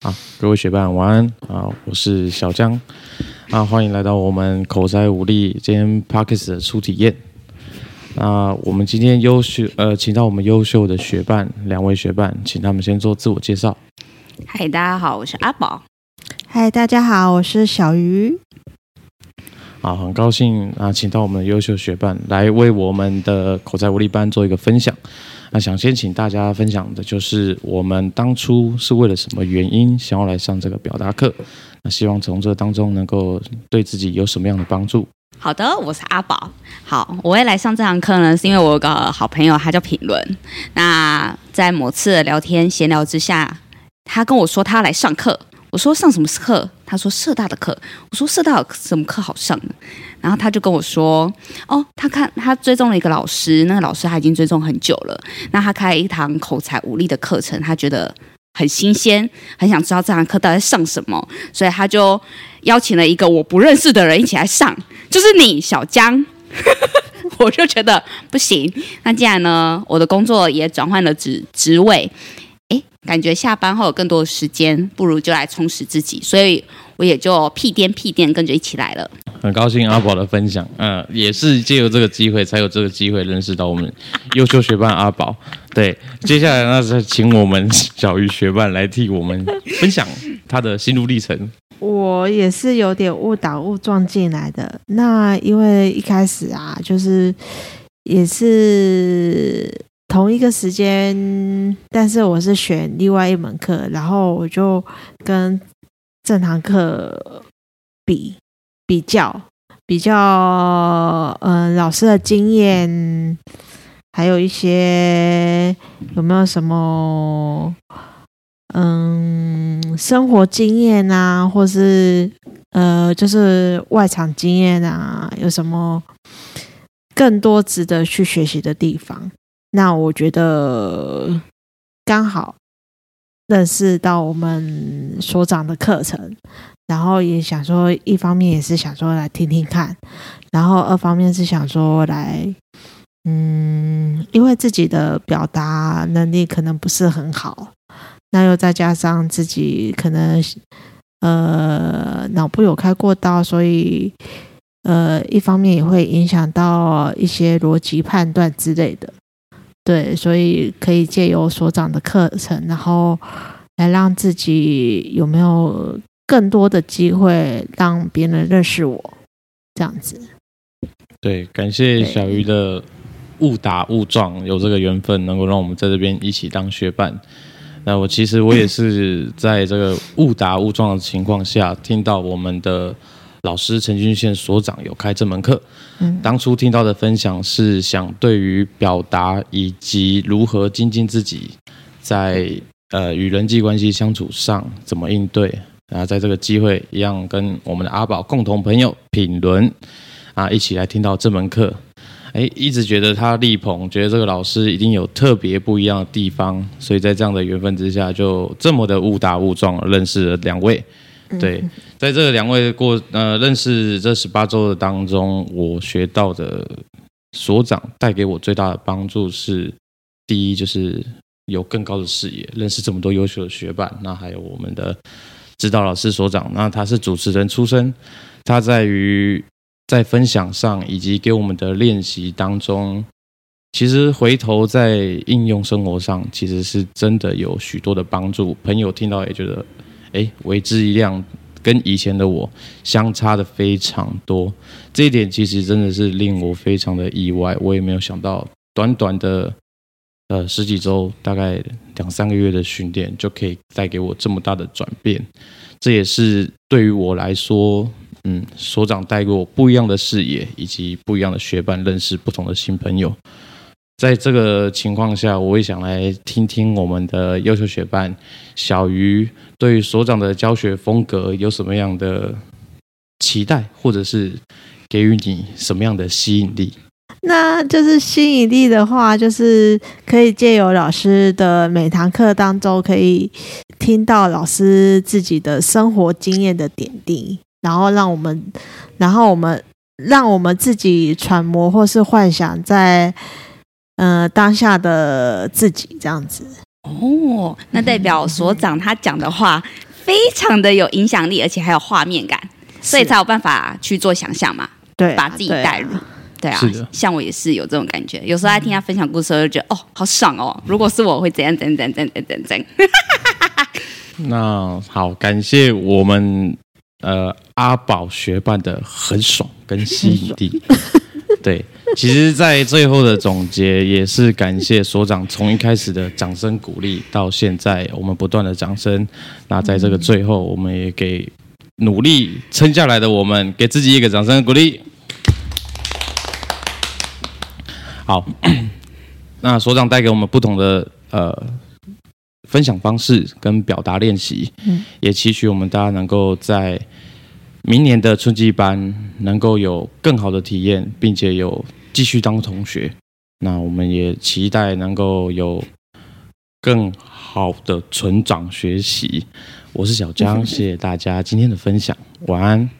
啊、各位學伴晚安啊！我是小江啊，歡迎來到我們口才五力今天 Podcast 的初體驗。那、啊、我們今天優秀呃，請到我們優秀的學伴兩位學伴，請他們先做自我介紹。嗨，大家好，我是阿寶。嗨，大家好，我是小魚。啊，很高興啊，請到我們優秀學伴來為我們的口才五力班做一個分享。那想先請大家分享的就是我們當初是為了什麼原因想要來上這個表達課？那希望從這當中能夠對自己有什麼樣的幫助？好的，我是阿寶。好，我也來上這堂課呢，是因為我有個好朋友，他叫品倫。那在某次聊天閒聊之下，他跟我說他來上課，我說上什麼課？他說社大的課。我說社大有什麼課好上？然後他就跟我說：“哦，他看他追蹤了一個老師，那個老師他已經追蹤很久了。那他開了一堂口才五力的課程，他覺得很新鮮，很想知道這堂課到底上什麼，所以他就邀請了一個我不認識的人一起來上，就是你，小江。 我就覺得不行。那既然呢，我的工作也轉換了職職位。”誒，感覺下班後有更多的時間，不如就來充實自己，所以我也就屁顛屁顛跟着一起來了。很高興阿寶的分享，嗯對、呃，也是借由這個機會，才有這個機會認識到我們優秀學伴阿寶。對，接下來那請我們小魚學伴來替我們分享他的心路歷程。我也是有點誤打誤撞進來的，那因為一開始啊，就是也是。同一個時間，但是我是選另外一門課，然後我就跟正常課比比較，比較，嗯、呃，老師的經驗，還有一些有沒有什麼，嗯，生活經驗啊，或是呃，就是外場經驗啊，有什麼更多值得去學習的地方？那我覺得剛好認識到我們所長的課程，然後也想說，一方面也是想說來聽聽看，然後二方面是想說來，嗯，因為自己的表達能力可能不是很好，那又再加上自己可能呃腦部有開過刀，所以呃一方面也會影響到一些邏輯判斷之類的。對，所以可以借由所長的課程，然後來讓自己有沒有更多的機會讓別人認識我，這樣子。對，感謝小魚的誤打誤撞，對有這個緣分能夠讓我們在這邊一起當學伴。那我其實我也是在這個誤打誤撞的情況下 聽到我們的。老師陳俊憲所長有開這門課，嗯，當初聽到的分享是想對於表達以及如何精進自己在，在呃與人際關係相處上怎麼應對，然後在這個機會一樣跟我們的阿寶共同朋友品倫啊一起來聽到這門課，誒、欸，一直覺得他力捧，覺得這個老師一定有特別不一樣的地方，所以在這樣的緣分之下就這麼的誤打誤撞認識了兩位，對。嗯在這兩位過呃認識這十八周的當中，我學到的所長帶給我最大的幫助是：第一，就是有更高的視野，認識這麼多優秀的學伴；那還有我們的指導老師所長，那他是主持人出身，他在於在分享上以及給我們的練習當中，其實回頭在應用生活上，其實是真的有許多的幫助。朋友聽到也覺得，誒、欸，為之一亮。跟以前的我相差的非常多，這一點其實真的是令我非常的意外。我也沒有想到，短短的呃十幾周，大概兩三個月的訓練，就可以帶給我這麼大的轉變。這也是對於我來說，嗯，所長帶給我不一樣的視野，以及不一樣的學伴，認識不同的新朋友。在這個情況下，我也想來聽聽我們的優秀學伴小魚，對於所長的教學風格有什麼樣的期待，或者是給予你什麼樣的吸引力？那就是吸引力的話，就是可以借由老師的每堂課當中，可以聽到老師自己的生活經驗的點滴，然後讓我們，然後我們，讓我們自己揣摩或是幻想在，呃，當下的自己這樣子哦，那代表所長他講的話非常的有影響力，而且還有畫面感，是所以才有辦法去做想象嘛。對、啊，把自己帶入。對啊，對啊的像我也是有這種感覺。有時候在聽他分享故事的時候，就覺得、嗯、哦，好爽哦！如果是我，我會怎樣怎樣怎樣怎樣怎樣。 那好，感謝我們呃阿寶學伴的很爽跟吸引力。爽對。 其實，在最後的總結，也是感謝所長從一開始的掌聲鼓勵，到現在我們不斷的掌聲。那在這個最後，我們也給努力撐下來的我們，給自己一個掌聲鼓勵。好，那所長帶給我們不同的呃分享方式跟表達練習，也期許我們大家能夠在明年的春季班能夠有更好的體驗，並且有，繼續當同學，那我們也期待能夠有更好的成長學習。我是小江，謝謝大家今天的分享，晚安。